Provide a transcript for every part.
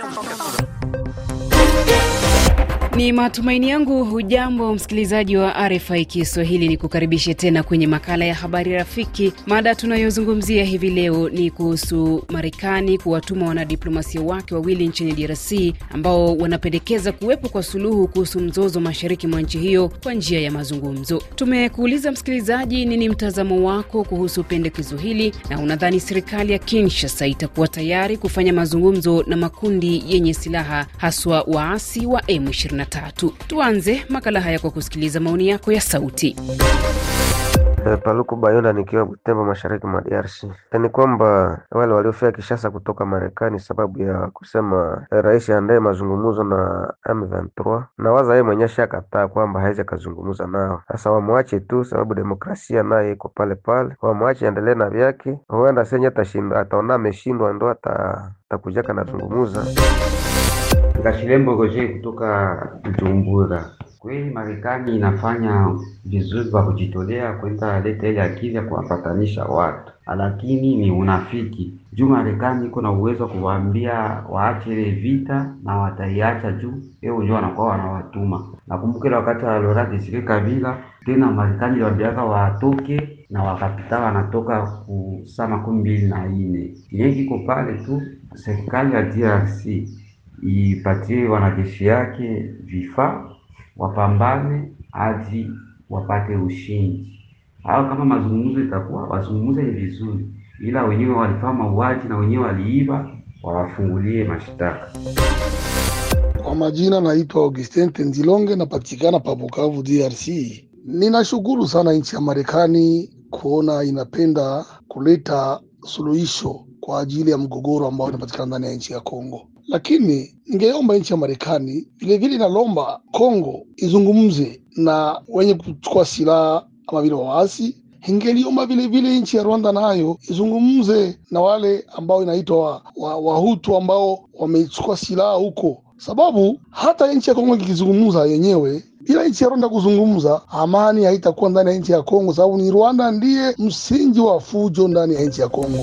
4か月。Ni matumaini yangu hujambo msikilizaji wa RFI Kiswahili, ni kukaribishe tena kwenye makala ya habari rafiki. Mada tunayozungumzia hivi leo ni kuhusu Marekani kuwatuma wanadiplomasia wake wawili nchini DRC ambao wanapendekeza kuwepo kwa suluhu kuhusu mzozo mashariki mwa nchi hiyo kwa njia ya mazungumzo. Tumekuuliza msikilizaji, nini mtazamo wako kuhusu pendekezo hili na unadhani serikali ya Kinshasa itakuwa tayari kufanya mazungumzo na makundi yenye silaha haswa waasi wa M23? tatu. Tuanze makala haya kwa kusikiliza maoni yako ya sauti. Eh, Paluku Bayola nikiwa Butembo, mashariki mwa DRC. Eh, ni kwamba wale waliofia Kishasa kutoka Marekani sababu ya kusema eh, rais andaye mazungumzo na m 3 na waza yeye mwenyewe shakataa kwamba hawezi akazungumza nao. Sasa wamwache tu, sababu demokrasia naye iko pale pale, wamwache endelee na vyake. Huenda senye ataona ameshindwa, ndo atakujaka nazungumuza Kashilembo Roger kutoka Bujumbura. Kweli Marekani inafanya vizuri kwa kujitolea kwenda leta ile akili ya kuwapatanisha watu, lakini ni unafiki juu Marekani iko na uwezo kuwaambia waache ile vita na wataiacha juu yeye wenyewe wanakuwa wanawatuma. Nakumbuka ile wakati wa Laurent Desire Kabila tena Marekani iliwaambiaka watoke na wakapita wanatoka ku saa makumi mbili na nne yenye kiko pale tu serikali ya DRC ipatie wanajeshi yake vifaa, wapambane hadi wapate ushindi. Au kama mazungumzo itakuwa wazungumze ni vizuri, ila wenyewe walifanya mauaji na wenyewe waliiba, wawafungulie mashtaka. Kwa majina naitwa Augustin Tenzilonge, napatikana pa Bukavu, DRC. Ninashukuru sana nchi ya Marekani kuona inapenda kuleta suluhisho kwa ajili ya mgogoro ambao unapatikana ndani ya nchi ya Kongo lakini ningeomba nchi ya Marekani vilevile inalomba Kongo izungumze na wenye kuchukua silaha kama vile waasi. Ingeliomba vilevile nchi ya Rwanda nayo izungumze na wale ambao inaitwa Wahutu wa, wa ambao wamechukua silaha huko, sababu hata nchi ya Kongo ikizungumza yenyewe bila nchi ya Rwanda kuzungumza, amani haitakuwa ndani ya nchi ya Kongo, sababu ni Rwanda ndiye msingi wa fujo ndani ya nchi ya Kongo.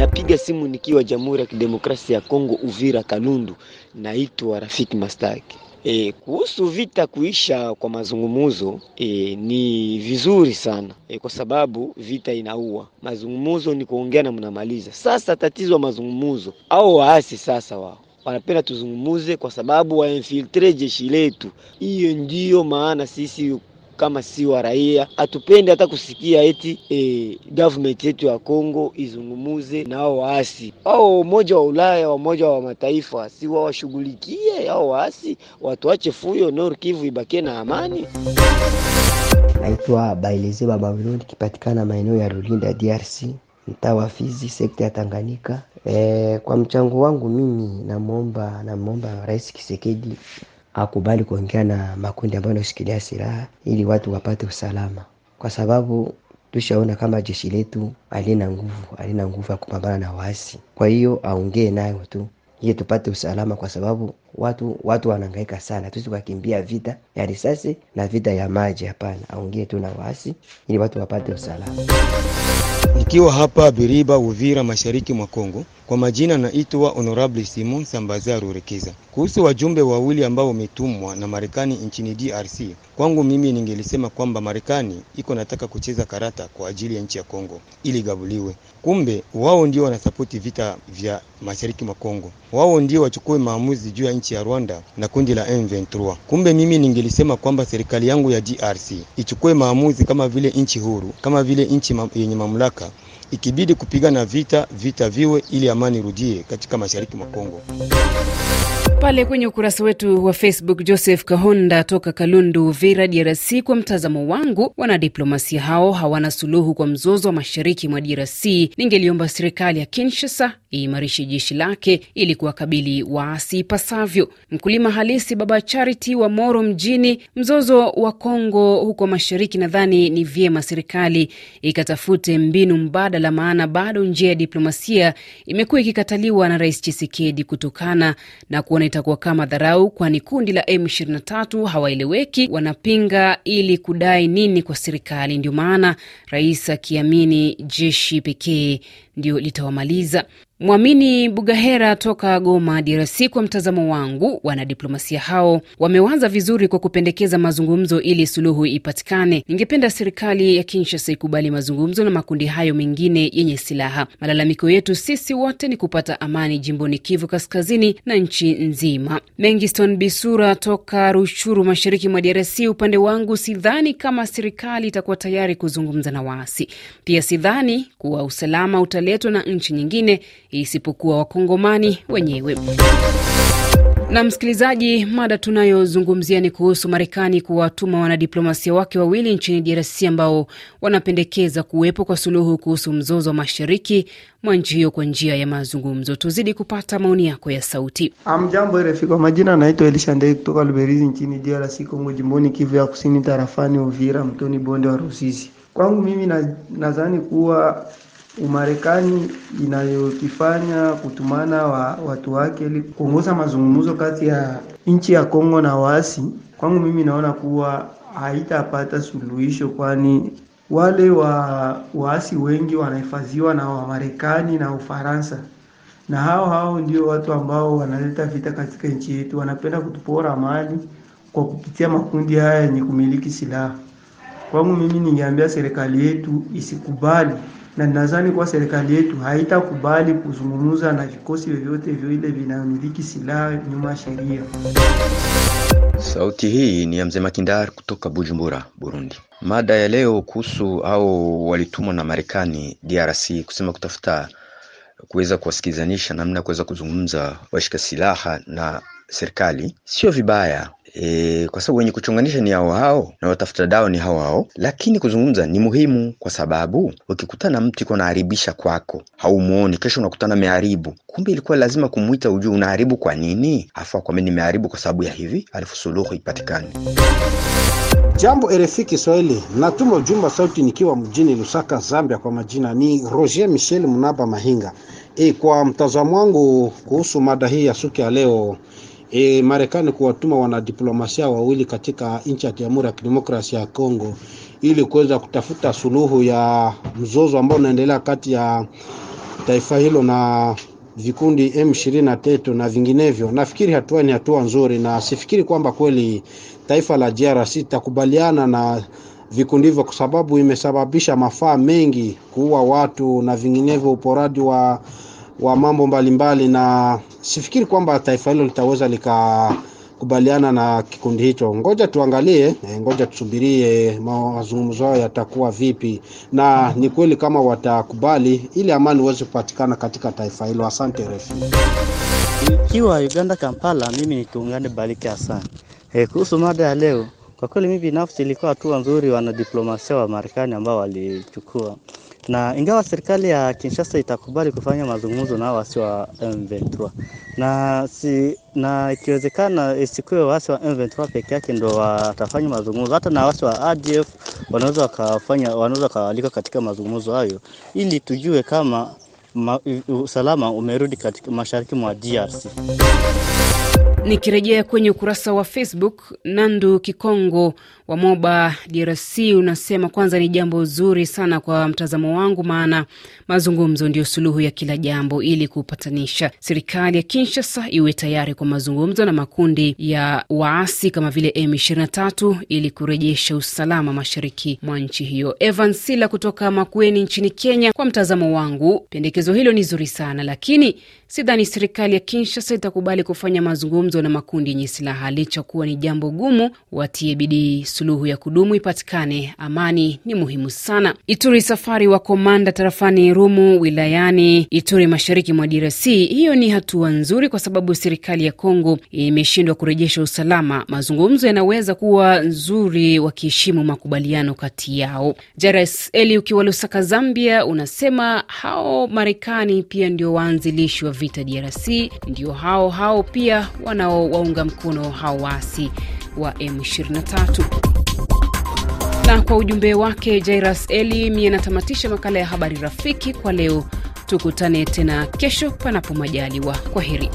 Napiga simu nikiwa Jamhuri ya Kidemokrasia ya Kongo, Uvira, Kalundu. Naitwa Rafiki Mastaki. E, kuhusu vita kuisha kwa mazungumuzo e, ni vizuri sana e, kwa sababu vita inaua. Mazungumuzo ni kuongea na mnamaliza. Sasa tatizo mazungumuzo au waasi sasa wao wanapenda tuzungumuze, kwa sababu wainfiltre jeshi letu. Hiyo ndiyo maana sisi kama si wa raia. Hatupende hata kusikia eti e, government yetu ya Kongo izungumuze na hao waasi au Umoja wa Ulaya, Umoja wa Mataifa si wawashughulikie hao waasi, watuache fuyo Nord Kivu ibakie na amani. Naitwa baeleze Baba Mlo, kipatikana maeneo ya Lulinda, DRC, mtaa wa Fizi, sekta ya Tanganyika. E, kwa mchango wangu mimi namwomba namwomba Rais Kisekedi akubali kuongea na makundi ambayo yanashikilia silaha ili watu wapate usalama, kwa sababu tushaona kama jeshi letu alina nguvu, alina nguvu ya kupambana na waasi. Kwa hiyo aongee nayo tu ili tupate usalama, kwa sababu watu watu wanahangaika sana. kukimbia vita ya risasi na vita ya maji, hapana. Aongee tu na waasi ili watu wapate usalama. Nikiwa hapa Biriba, Uvira, mashariki mwa Kongo. Kwa majina naitwa Honorable Simon Sambaza Rurekeza. Kuhusu wajumbe wawili ambao wametumwa na Marekani nchini DRC, kwangu mimi ningelisema kwamba Marekani iko nataka kucheza karata kwa ajili ya nchi ya Kongo ili gabuliwe. Kumbe wao ndio wanasapoti vita vya mashariki mwa Kongo, wao ndio wachukue maamuzi juu ya nchi ya Rwanda na kundi la M23. Kumbe mimi ningelisema kwamba serikali yangu ya DRC ichukue maamuzi kama vile nchi huru, kama vile nchi yenye mamlaka, ikibidi kupigana vita, vita viwe ili amani rudie katika mashariki mwa Kongo. Pale kwenye ukurasa wetu wa Facebook, Joseph Kahonda toka Kalundu, Vira, DRC. Kwa mtazamo wangu, wanadiplomasia hao hawana suluhu kwa mzozo wa mashariki mwa DRC. Ningeliomba serikali ya Kinshasa iimarishe jeshi lake ili kuwakabili waasi ipasavyo. Mkulima halisi Baba Charity wa Moro mjini, mzozo wa Kongo huko mashariki, nadhani ni vyema serikali ikatafute mbinu mbadala, maana bado njia ya diplomasia imekuwa ikikataliwa na Rais Chisekedi kutokana na kuone itakuwa kama dharau, kwani kundi la M23 hawaeleweki, wanapinga ili kudai nini kwa serikali? Ndio maana rais akiamini jeshi pekee ndio litawamaliza. Mwamini Bugahera toka Goma, DRC. Kwa mtazamo wangu, wanadiplomasia hao wamewaza vizuri kwa kupendekeza mazungumzo ili suluhu ipatikane. Ningependa serikali ya Kinshasa ikubali mazungumzo na makundi hayo mengine yenye silaha. Malalamiko yetu sisi wote ni kupata amani jimboni Kivu Kaskazini na nchi nzima. Mengiston Bisura toka Rushuru, mashariki mwa DRC. Upande wangu, sidhani kama serikali itakuwa tayari kuzungumza na waasi. Pia sidhani kuwa usalama utaletwa na nchi nyingine isipokuwa wakongomani wenyewe. Na msikilizaji, mada tunayozungumzia ni kuhusu Marekani kuwatuma wanadiplomasia wake wawili nchini DRC ambao wanapendekeza kuwepo kwa suluhu kuhusu mzozo wa mashariki mwa nchi hiyo kwa njia ya mazungumzo. Tuzidi kupata maoni yako ya sauti. Amjambo RFI, kwa majina anaitwa Elisha Ndei kutoka Luberizi nchini DRC Kongo, jimboni Kivu ya Kusini, tarafani Uvira, mtoni bonde wa Rusizi. Kwangu mimi nadhani kuwa Umarekani inayokifanya kutumana wa watu wake ili kuongoza mazungumzo kati ya nchi ya Kongo na waasi, kwangu mimi naona kuwa haitapata suluhisho, kwani wale wa waasi wengi wanahifadhiwa na Wamarekani na Ufaransa, na hao hao ndio watu ambao wanaleta vita katika nchi yetu. Wanapenda kutupora mali kwa kupitia makundi haya yenye kumiliki silaha. Kwangu mimi, ningeambia serikali yetu isikubali na nadhani kuwa serikali yetu haitakubali kuzungumza na vikosi vyovyote vile vinamiliki silaha nyuma ya sheria. Sauti hii ni ya mzee Makindar kutoka Bujumbura, Burundi. Mada ya leo kuhusu au walitumwa na Marekani DRC kusema kutafuta kuweza kuwasikizanisha namna ya kuweza kuzungumza washika silaha na serikali. Sio vibaya e, kwa sababu wenye kuchunganisha ni hao hao na watafuta dawa ni hao hao, lakini kuzungumza ni muhimu, kwa sababu ukikutana mtu iko anaharibisha kwako, haumuoni, kesho unakutana ameharibu, kumbe ilikuwa lazima kumwita ujue unaharibu kwa nini, afu akwambia nimeharibu kwa sababu ya hivi, alafu suluhu ipatikane. Jambo RFI Kiswahili, natuma ujumba sauti nikiwa mjini Lusaka, Zambia. Kwa majina ni Roger Michel Munaba Mahinga. E, kwa mtazamo wangu kuhusu mada hii ya suki ya leo e, Marekani kuwatuma wanadiplomasia wawili katika nchi ya Jamhuri ya Kidemokrasia ya Kongo ili kuweza kutafuta suluhu ya mzozo ambao unaendelea kati ya taifa hilo na vikundi M23 na vinginevyo. Nafikiri hatua ni hatua nzuri, na sifikiri kwamba kweli taifa la DRC litakubaliana na vikundi hivyo, kwa sababu imesababisha mafaa mengi, kuua watu na vinginevyo, uporaji wa wa mambo mbalimbali mbali, na sifikiri kwamba taifa hilo litaweza likakubaliana na kikundi hicho. Ngoja tuangalie, eh, ngoja tusubirie mazungumzo yao yatakuwa vipi, na ni kweli kama watakubali ili amani iweze kupatikana katika taifa hilo. Asante refu ikiwa Uganda Kampala, mimi nikiungane Baliki Hassan. E, kuhusu mada ya leo, kwa kweli mimi binafsi ilikuwa hatua nzuri wanadiplomasia wa Marekani ambao walichukua na ingawa serikali ya Kinshasa itakubali kufanya mazungumzo na waasi wa M23 na, si, na ikiwezekana isikuwe waasi wa M23 peke yake ndio watafanya mazungumzo, hata na waasi wa ADF wanaweza wakafanya, wanaweza wakawalika katika mazungumzo hayo ili tujue kama ma, usalama umerudi katika mashariki mwa DRC. Nikirejea kwenye ukurasa wa Facebook, Nandu Kikongo wa Moba, DRC, unasema kwanza ni jambo zuri sana kwa mtazamo wangu, maana mazungumzo ndio suluhu ya kila jambo ili kupatanisha. Serikali ya Kinshasa iwe tayari kwa mazungumzo na makundi ya waasi kama vile M23 ili kurejesha usalama mashariki mwa nchi hiyo. Evan Sila kutoka Makueni nchini Kenya, kwa mtazamo wangu pendekezo hilo ni zuri sana, lakini sidhani serikali ya Kinshasa itakubali kufanya mazungumzo mazungumzo na makundi yenye silaha. Licha kuwa ni jambo gumu, watie bidii, suluhu ya kudumu ipatikane. Amani ni muhimu sana. Ituri, safari wa komanda tarafani Rumu wilayani Ituri, mashariki mwa DRC. Hiyo ni hatua nzuri, kwa sababu serikali ya Kongo imeshindwa kurejesha usalama. Mazungumzo yanaweza kuwa nzuri wakiheshimu makubaliano kati yao. Jares Eli, ukiwa Lusaka, Zambia, unasema hao Marekani pia ndio waanzilishi wa vita DRC, ndio hao hao pia wana wanaowaunga mkono hao waasi wa M23. Na kwa ujumbe wake Jairas Eli mie natamatisha makala ya habari rafiki kwa leo. Tukutane tena kesho, panapo majaliwa. Kwa heri.